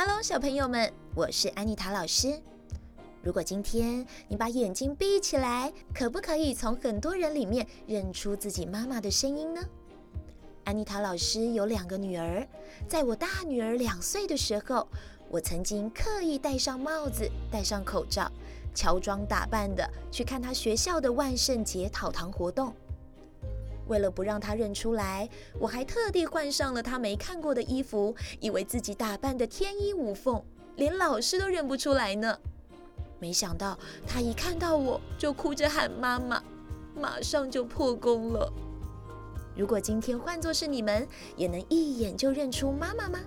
哈嘍，Hello, 小朋友們，我是安妮塔老師。如果今天你把眼睛閉起來，可不可以從很多人裡面認出自己媽媽的聲音呢？安妮塔老師有兩個女兒，在我大女兒兩歲的時候，我曾經刻意戴上帽子、戴上口罩，喬裝打扮的去看她學校的萬聖節討糖活動。為了不讓她認出來，我還特地換上了她沒看過的衣服，以為自己打扮得天衣無縫，連老師都認不出來呢。沒想到她一看到我就哭着喊媽媽，馬上就破功了。如果今天換作是你們，也能一眼就認出媽媽嗎？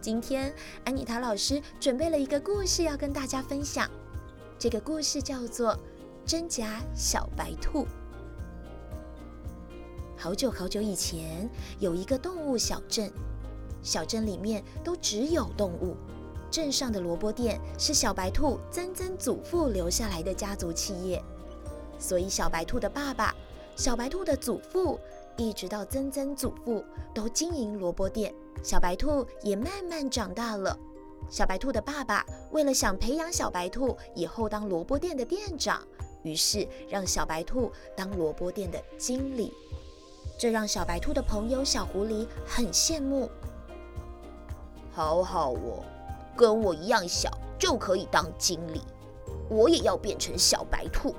今天安妮塔老師準備了一個故事要跟大家分享，這個故事叫做《真假小白兔》。好久好久以前，有一個動物小鎮，小鎮裡面都只有動物。鎮上的蘿蔔店是小白兔曾曾祖父留下來的家族企業，所以小白兔的爸爸、小白兔的祖父，一直到曾曾祖父都經營蘿蔔店。小白兔也慢慢長大了。小白兔的爸爸為了想培養小白兔以後當蘿蔔店的店長，於是讓小白兔當蘿蔔店的經理。這讓小白兔的朋友小狐狸很羨慕。好好哦，跟我一樣小就可以當經理，我也要變成小白兔。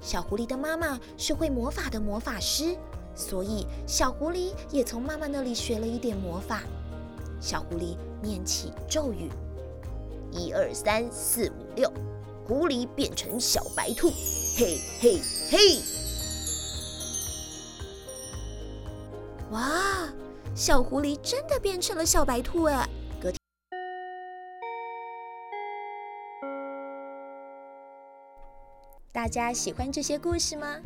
小狐狸的媽媽是會魔法的魔法師，所以小狐狸也從媽媽那裡學了一點魔法。小狐狸念起咒語：一二三四五六，狐狸變成小白兔，嘿嘿嘿。哇，小狐狸真的變成了小白兔哎！大家喜歡這些故事嗎？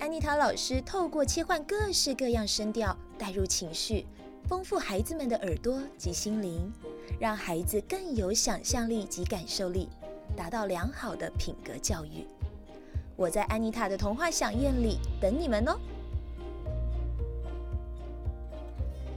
安妮塔老師透過切換各式各樣聲調，帶入情緒，豐富孩子們的耳朵及心靈，讓孩子更有想象力及感受力，達到良好的品格教育。我在安妮塔的童話饗宴裡等你們哦！